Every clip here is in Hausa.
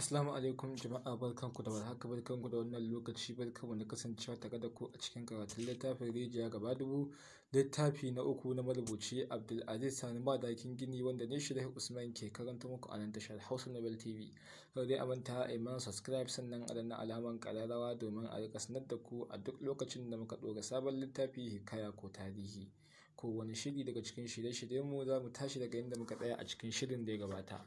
Assalamu alaikum jama'a barkanku da warhaka barkanku da wannan lokaci barkanku da kasancewa tare da ku a cikin karatun littafin rijiya gaba dubu littafi na uku na marubuci Abdulaziz Sani ba dakin Gini wanda ne shi Usman ke karanta muku a nan tashar Hausa Nobel TV. Kar dai a a iman subscribe sannan a danna alamar kararrawa domin a rika sanar da ku a duk lokacin da muka ɗora sabon littafi hikaya ko tarihi. ko wani shiri daga cikin shirye-shiryenmu shiryen za mu tashi daga inda muka tsaya a cikin shirin da ya gabata.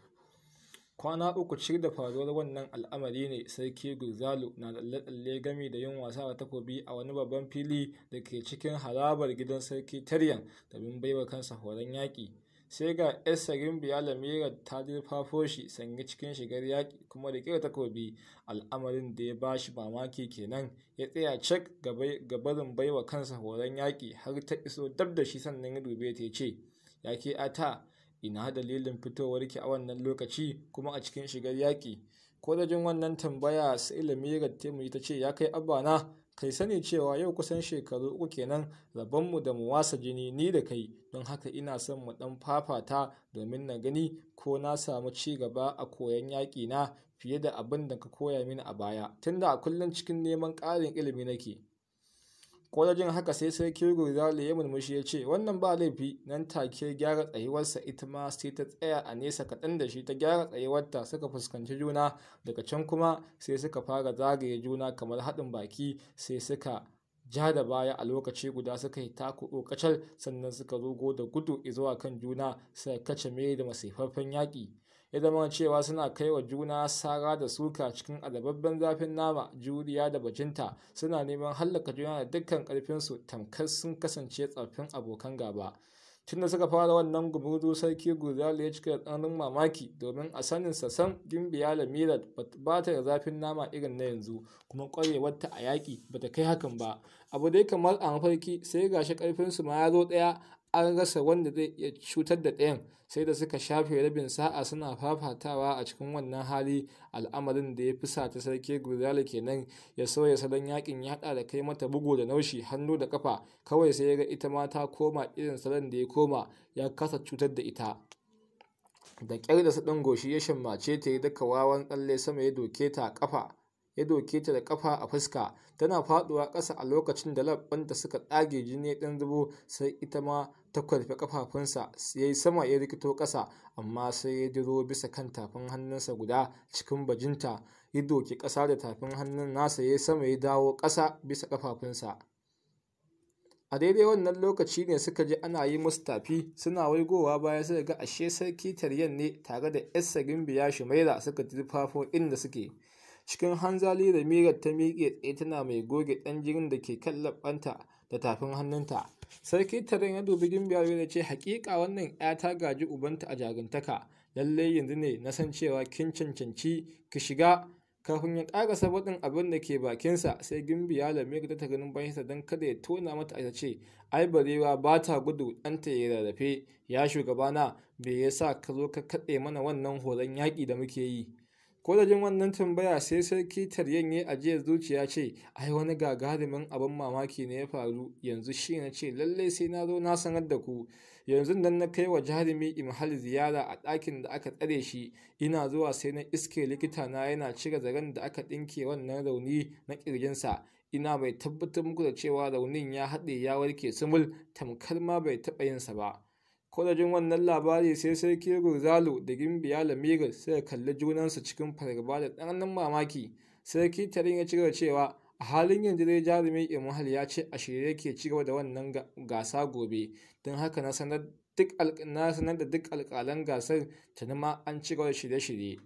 kwana uku cikin da faruwar wannan al'amari ne sarki Gonzalo na tsalle-tsalle gami da yin wasa da takobi a wani babban fili da ke cikin harabar gidan sarki Taryan da bin baiwa kansa horon yaƙi. Sai ga Esther biya Lamira ta dirfafo shi sanye cikin shigar yaƙi kuma da kira takobi al'amarin da ya bashi mamaki kenan ya tsaya cak gabarin baiwa kansa horon yaƙi har ta iso dab da shi sannan ya dube ta ce ya ke a ta. ina dalilin fitowarki a wannan lokaci kuma a cikin shigar yaƙi ko da jin wannan tambaya sai lamirar mu ita ce ya kai abana kai sani cewa yau kusan shekaru uku kenan rabonmu da mu wasa jini ni da kai don haka ina son mu dan fafata domin na gani ko na samu ci gaba a koyon yaƙi na fiye da abin da ka koya mini a baya tunda a kullum cikin neman ƙarin ilimi nake kwalajin haka sai Kirgu Zali ya murmushi ya ce wannan ba laifi nan take gyara tsayuwarsa ita ma sai ta tsaya a nesa kaɗan da shi ta gyara tsayuwarta suka fuskanci juna daga can kuma sai suka fara zagaye juna kamar haɗin baki sai suka ja da baya a lokaci guda suka yi taku kacal sannan suka zo da gudu zuwa kan juna suka kace me da masifaffen yaƙi ya zama cewa suna kai wa juna sara da suka cikin adababben zafin nama juriya da bajinta suna neman hallaka juna da dukkan ƙarfinsu tamkar sun kasance tsaffin abokan gaba tun da suka fara wannan gumuzu sarki guzali ya cika da tsananin mamaki domin a sanin sam gimbiya lamira ba ta da zafin nama irin na yanzu kuma kwarewar ta a yaƙi ba ta kai hakan ba abu dai kamar a mafarki sai gashi karfinsu ma ya zo ɗaya an rasa wanda zai iya cutar da ɗayan sai da suka shafe rabin sa'a suna fafatawa a cikin wannan hali al'amarin da ya fi sa ta sarki gudala kenan ya sauya salon yakin ya haɗa da kai mata bugu da naushi hannu da kafa kawai sai ya ga ita ma ta koma irin salon da ya koma ya kasa cutar da ita da ƙyar da saɗin goshi ya shammace ta yi daka wawan tsalle sama ya doke ta kafa ya doke ta da kafa a fuska tana faduwa ƙasa a lokacin da labbanta suka tsage jini ya dan zubo sai ita ma ta kwarfe kafafunsa ya yi sama ya rikito ƙasa amma sai ya diro bisa kan tafin hannunsa guda cikin bajinta ya doki ƙasa da tafin hannun nasa ya sama ya dawo ƙasa bisa kafafunsa a daidai wannan lokaci ne suka ji ana yi musu tafi suna waigowa baya sai ga ashe sarki taryan ne tare da yassa gimbiya shumaira suka tufafo inda suke cikin hanzali da mirar ta miƙe tsaye tana mai goge ɗan jirin da ke kan laɓanta da tafin hannunta. Sarki taron ya dubi gimbiya ya ce haƙiƙa wannan ‘ya ta gaji ubanta a jagantaka, lallai yanzu ne na san cewa kin cancanci ki shiga kafin ya ƙarasa faɗin abin da ke bakinsa sai gimbiya lamir ta ta ganin bayansa don kada ya tona mata a ce ai barewa ba ta gudu ɗanta ya rarrafe ya shugabana bai ya sa ka zo ka kaɗe mana wannan horon yaƙi da muke yi ko wannan tambaya sai sarki taryan ya ajiyar zuciya ce ai wani gagarumin abin mamaki ne ya faru yanzu shi na ce lallai sai na zo na sanar da ku yanzu nan na kai wa jarumi imhal ziyara a ɗakin da aka tsare shi ina zuwa sai na iske likita na yana cire zaren da aka ɗinke wannan rauni na ƙirjinsa ina bai tabbatar muku da cewa raunin ya haɗe ya warke sumul tamkar ma bai taɓa yinsa ba ko da jin wannan labari sai sarki Gonzalo da Gimbiya Lamira suka kalli junansu cikin fargaba da ɗanɗan mamaki. Sarki Tarin ya cigaba cewa a halin yanzu dai jarumi Imhal ya ce a shirye yake cigaba da wannan gasa gobe don haka na sanar da duk alƙalan gasar ta ma an cigaba da shirye-shirye.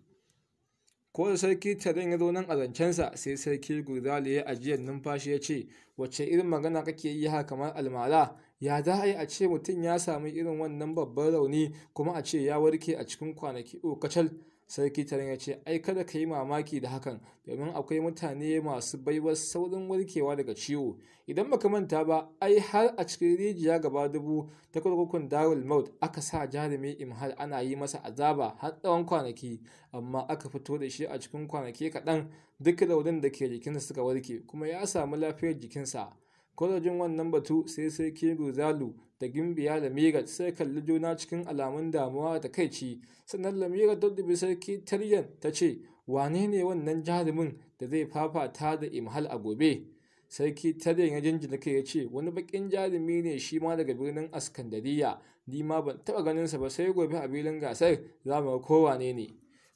Ko da sarki Tarin ya zo nan a zancensa sai sarki Gonzalo ya ajiyar numfashi ya ce wacce irin magana kake yi haka kamar almara ya za a yi a ce mutum ya sami irin wannan babban rauni kuma a ce ya warke a cikin kwanaki kacal sarki taron ya ce ai kada ka yi mamaki da hakan domin akwai mutane masu baiwar saurin warkewa daga ciwo idan baka manta ba ai har a cikin rijiya gaba dubu ta kurkukun darul maut aka sa jarumi imhal ana yi masa azaba har tsawon kwanaki amma aka fito da shi a cikin kwanaki kaɗan duk raunin da ke jikinsa suka warke kuma ya samu lafiyar jikinsa Kwalojin wannan batu sai sai Kego Zalu da Gimbiya Lamirat sai kalli juna cikin alamun damuwa da takaici. Sannan Lamirat daddabi sarki Taryan ta ce, Wane ne wannan jarumin da zai fafata da Imhal a gobe? Sarki Taryan ya jinjina kai ya ce, Wani bakin jarumi ne shi ma daga birnin Askandariya, ni ma ban taɓa ganinsa ba sai gobe a filin gasar za mu kowane ne.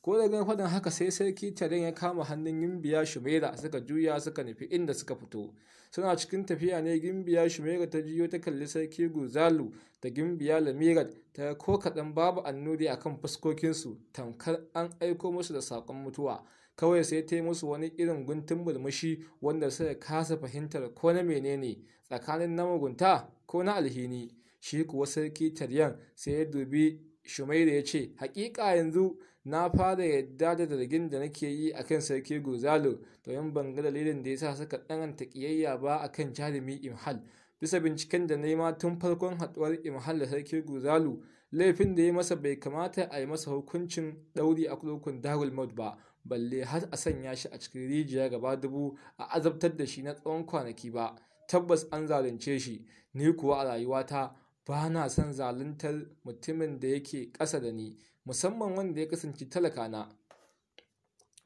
ko da gan faɗin haka sai sarki taren ya kama hannun gimbiya shumera suka juya suka nufi inda suka fito suna cikin tafiya ne gimbiya shumera ta jiyo ta kalli sarki guzalu da gimbiya lamirat ta ko kaɗan babu annuri a kan fuskokinsu tamkar an aiko musu da saƙon mutuwa kawai sai ta yi musu wani irin guntun mulmushi wanda suka kasa fahimtar ko na menene tsakanin na mugunta ko na alhini shi kuwa sarki taryan sai ya dubi da ya ce, "Hakika yanzu na fara yadda da zargin da nake yi a kan sarki Gozalo domin ban ga dalilin da ya sa suka ɗanganta ƙiyayya ba a kan jarumi Imhal. Bisa binciken da na yi ma tun farkon haɗuwar Imhal da sarki Gozalo, laifin da ya masa bai kamata a yi masa hukuncin ɗauri a kurkun Darul Maud ba, balle har a sanya shi a cikin rijiya gaba dubu a azabtar da shi na tsawon kwanaki ba. Tabbas an zalunce shi, ni kuwa a rayuwata ba na son zaluntar mutumin da yake ƙasa da ni musamman wanda ya kasance talakana. na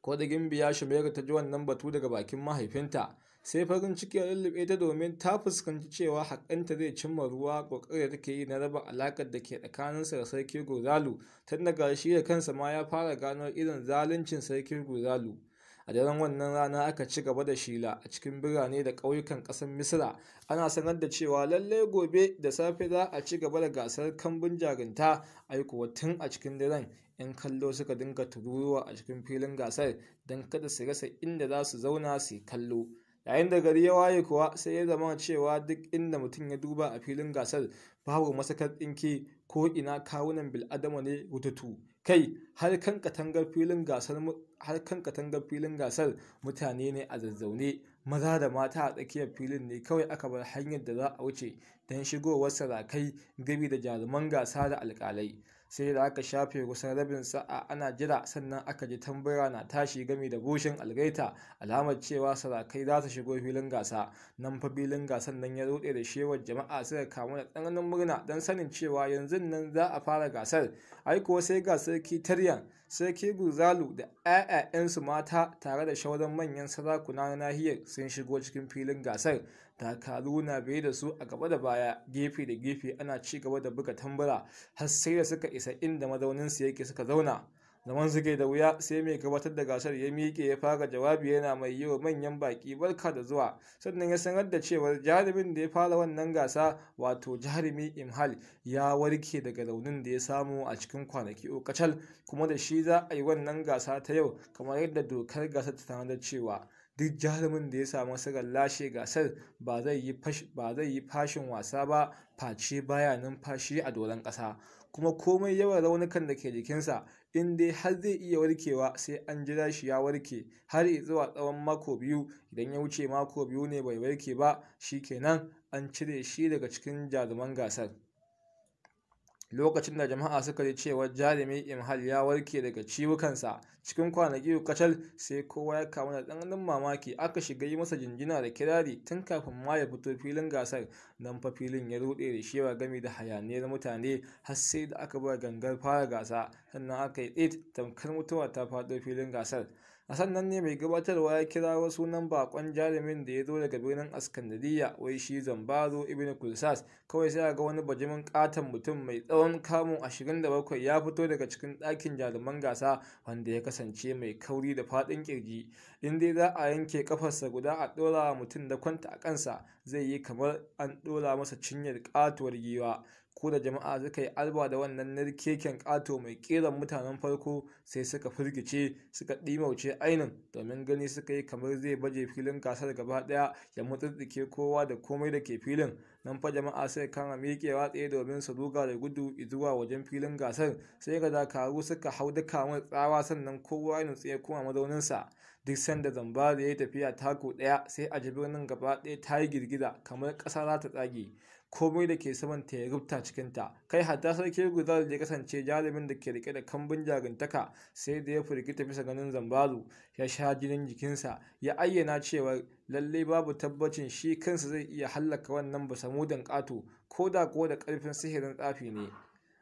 ko da gimbiya ta ji wannan batu daga bakin mahaifinta sai farin ciki ya lullube ta domin ta fuskanci cewa haƙanta zai cimma ruwa ƙoƙarin da take yi na raba alaƙar da ke tsakaninsa da sarki Guzalu, tun daga shi da kansa ma ya fara gano irin zaluncin sarki Guzalu. a daren wannan rana aka ci gaba da shila a cikin birane da ƙauyukan ƙasar misira ana sanar da cewa lallai gobe da safe za a ci gaba da gasar kambun jarinta aikuwa tun a cikin daren 'yan kallo suka dinga tururuwa a cikin filin gasar don kada su rasa inda za su zauna su kallo yayin da gari ya waye kuwa sai ya zama cewa duk inda mutum ya duba a filin gasar babu masakar ɗinki ko ina kawunan bil'adama ne wututu kai har kan katangar filin gasar mutane ne a zazzaune maza da mata a tsakiyar filin ne kawai aka bar hanyar da za a wuce don shigowar sarakai gabi da jaruman gasa da alƙalai sai da aka shafe kusan rabin sa'a ana jira sannan aka ji tambaya na tashi gami da bushin algaita alamar cewa sarakai za su shigo filin gasa nan fa filin gasan nan ya rute da shewar jama'a suka kamu da tsananin murna don sanin cewa yanzu nan za a fara gasar ai kuwa sai ga sarki taryan sarki guzalu da 'ya'ya'yansu mata tare da shawaran manyan sarakuna na nahiyar sun shigo cikin filin gasar dakaru na biye da su a gaba da baya gefe da gefe ana ci gaba da buga tambura har sai da suka isa inda mazaunin su yake suka zauna zaman suke da wuya sai mai gabatar da gasar ya miƙe ya fara jawabi yana mai yi wa manyan baƙi barka da zuwa sannan ya sanar da cewar jarumin da ya fara wannan gasa wato jarumi imhal ya warke daga raunin da ya samu a cikin kwanaki o kacal kuma da shi za a yi wannan gasa ta yau kamar yadda dokar gasar ta tanadar cewa duk jarumin da ya samu nasarar lashe gasar ba zai yi fashin wasa ba face baya numfashi a doron ƙasa kuma komai yawan raunukan da ke jikinsa in dai har zai iya warkewa sai an jira shi ya warke har zuwa tsawon mako biyu idan ya wuce mako biyu ne bai warke ba shi kenan an cire shi daga cikin jaruman gasar lokacin da jama'a suka ji cewa jarumi imhal ya warke daga ciwukansa cikin kwanaki kacal sai kowa ya kamu da ɗanɗan mamaki aka shiga yi masa jinjina da kirari tun kafin ma ya fito filin gasar nan fa filin ya ruɗe da shewa gami da hayaniyar mutane har sai da aka buga gangar fara gasa sannan aka yi tsit tamkar mutuwa ta faɗo filin gasar a sannan ne mai gabatarwa ya kira wasu sunan bakon jarumin da ya zo daga birnin askandariya wai shi zambaro ibn kulsas kawai sai ga wani bajimin katon mutum mai tsawon kamun 27 ya fito daga cikin ɗakin jaruman gasa wanda ya kasance mai kauri da faɗin kirji in dai za a yanke kafarsa guda a ɗora mutum da kwanta a kansa zai yi kamar an ɗora masa cinyar katuwar giwa ko da jama'a suka yi alba da wannan narkeken ƙato mai ƙeran mutanen farko sai suka firgice suka ɗimauce ainin domin gani suka yi kamar zai baje filin gasar gaba ɗaya ya mutsitsike kowa da komai da ke filin nan fa jama'a sai kama miƙewa tsaye domin su ruga da gudu zuwa wajen filin gasar sai ga dakaru suka hau duka mai tsawa sannan kowa ya nutse kuma mazauninsa duk sanda zambara ya yi tafiya tako ɗaya sai a jibirin birnin gaba ɗaya ta yi girgiza kamar ƙasa za ta tsage komai da ke saman ta ya rubta cikinta kai hatta sarki guzal da ya kasance jarumin da ke rike da kambun jarintaka sai da ya firgita bisa ganin zambalo ya sha jinin jikinsa ya ayyana cewa lalle babu tabbacin shi kansa zai iya hallaka wannan basamudan ƙato ko da kuwa da ƙarfin sihirin tsafi ne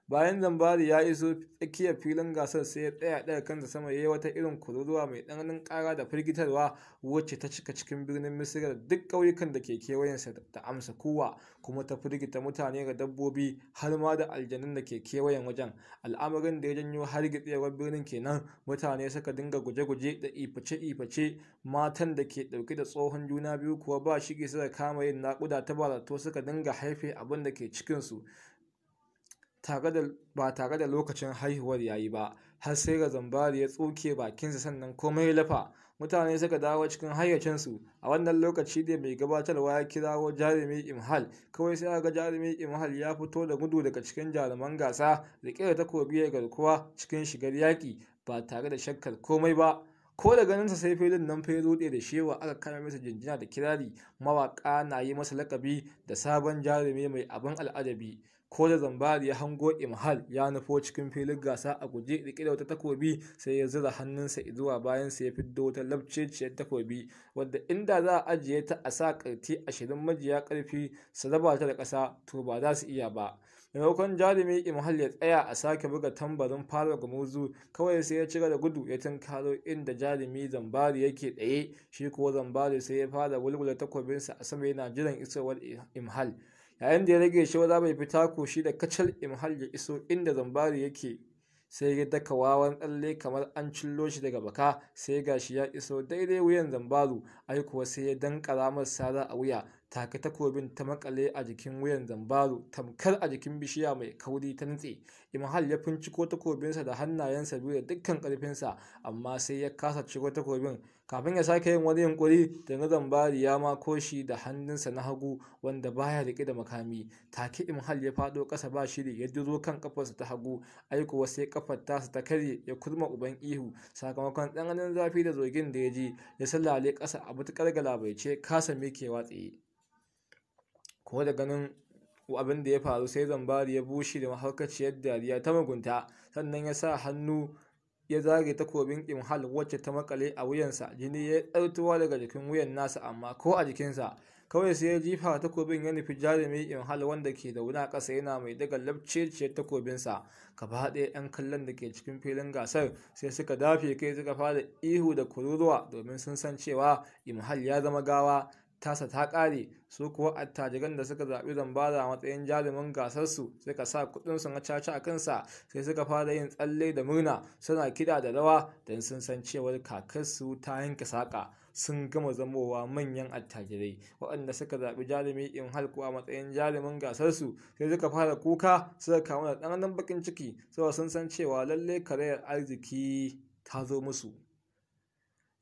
bayan zambari ya iso tsakiyar filin gasar sai ya tsaya ɗaya kansa sama ya yi wata irin kururuwa mai ɗanganin ƙara da firgitarwa wacce ta cika cikin birnin misira da duk ƙauyukan da ke kewayensa da amsa kowa kuma ta firgita mutane da dabbobi har ma da aljanun da ke kewayen wajen al'amarin da ya janyo har gitsewar birnin kenan mutane suka dinga guje-guje da iface-iface matan da ke ɗauke da tsohon juna biyu kuwa ba shige suka kama yin naƙuda ta barato suka dinga haife abin da ke cikinsu ba tare da lokacin haihuwar yayi ba har sai ga Zambari ya tsuke bakinsa sannan komai lafa mutane suka dawo cikin hayyacinsu a wannan lokaci da mai gabatarwa ya kirawo jarumi imhal kawai sai ga jarumi imhal ya fito da gudu daga cikin jaruman gasa da kira takobi ya garkuwa cikin shigar yaƙi ba tare da shakkar komai ba ko da ganinsa sai filin nan fa ya rude da shewa aka kama masa jinjina da kirari mawaƙa na yi masa lakabi da sabon jarumi mai abin al'adabi ko da zambari ya hango imhal ya nufo cikin filin gasa a guje riƙe da wata takobi sai ya zura hannunsa zuwa bayan sa ya fiddo wata labceciyar takobi wadda inda za a ajiye ta a sa ƙarti ashirin majiya karfi su raba ta da ƙasa to ba za su iya ba maimakon jarumi imhal ya tsaya a sake buga tambarin fara gamuzu kawai sai ya cigaba da gudu ya tunkaro inda jarumi zambari yake tsaye shi ko zambari sai ya fara wulwula takobinsa a sama yana jiran isowar imhal yayin da ya rage shi wada bai fita ko shi da kacal imhal ya iso inda zambari yake sai ya daka wawan tsalle kamar an cillo shi daga baka sai gashi ya iso daidai wuyan zambaru ai kuwa sai ya dan karamar sada a wuya take takobin ta makale a jikin wuyan zambaro tamkar a jikin bishiya mai kauri ta nutse imhal ya finciko takobinsa da hannayensa biyu da dukkan ƙarfinsa amma sai ya kasa ciko takobin kafin ya sake yin wani yunkuri da na zambari ya mako shi da hannunsa na hagu wanda baya riƙe da makami take imhal ya faɗo ƙasa ba shiri ya duro kan ƙafarsa ta hagu aiko sai ƙafar tasa ta karye ya kurma uban ihu sakamakon ɗanganin zafi da zogin da ya ji ya sallale ƙasa a matuƙar galabaice kasa mikewa tsaye ko da ganin abin da ya faru sai zambari ya bushe da mahaukaciyar dariya ta mugunta sannan ya sa hannu ya zage takobin imhal wacce ta makale a wuyansa jini ya tsartuwa daga jikin wuyan nasa amma ko a jikinsa kawai sai ya jifa takobin ya nufi jarumi imhal wanda ke da wuna ƙasa yana mai daga labciyar takobinsa gaba ɗaya 'yan kallon da ke cikin filin gasar sai suka dafe kai suka fara ihu da kururuwa domin sun san cewa imhal ya zama gawa tasa ta ƙare su kuwa attajiran da suka zaɓi zambara a matsayin jarumin gasarsu suka sa kuɗinsu na caca a kansa sai suka fara yin tsalle da murna suna kiɗa da rawa don sun san cewar kakarsu ta yanke saƙa sun gama zamowa manyan attajirai waɗanda suka zaɓi jarumi in halku a matsayin jarumin gasarsu sai suka fara kuka suka kamu da ɗananan bakin ciki saboda sun san cewa lallai karayar arziki ta zo musu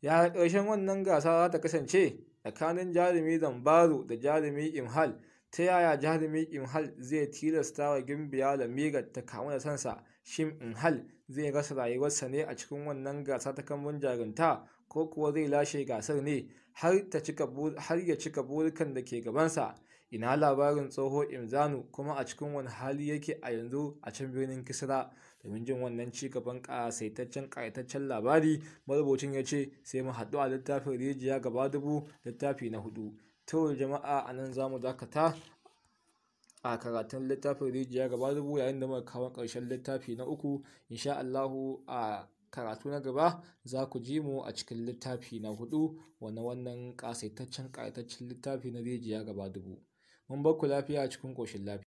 ya ƙarshen wannan gasa za ta kasance tsakanin jarumi zambaro da jarumi imhal ta yaya jarumi imhal zai tilasta wa gimbiya da migar ta kamu da sansa shim imhal zai rasa rayuwarsa ne a cikin wannan gasa ta kambun jarunta ko kuwa zai lashe gasar ne har ya cika burikan da ke gabansa ina labarin tsoho imzanu kuma a cikin wani hali yake a yanzu a can birnin kisra domin jin wannan ci gaban ƙasaitaccen ƙayataccen labari marubucin ya ce sai mu haɗu a littafin rijiya gaba dubu littafi na hudu to jama'a a nan za mu dakata a karatun littafin rijiya gaba dubu yayin da muka kawo ƙarshen littafi na uku insha Allahu a karatu na gaba za ku ji mu a cikin littafi na hudu wani wannan ƙasaitaccen kayataccen littafi na rijiya gaba dubu mun bar ku lafiya cikin ƙoshin lafiya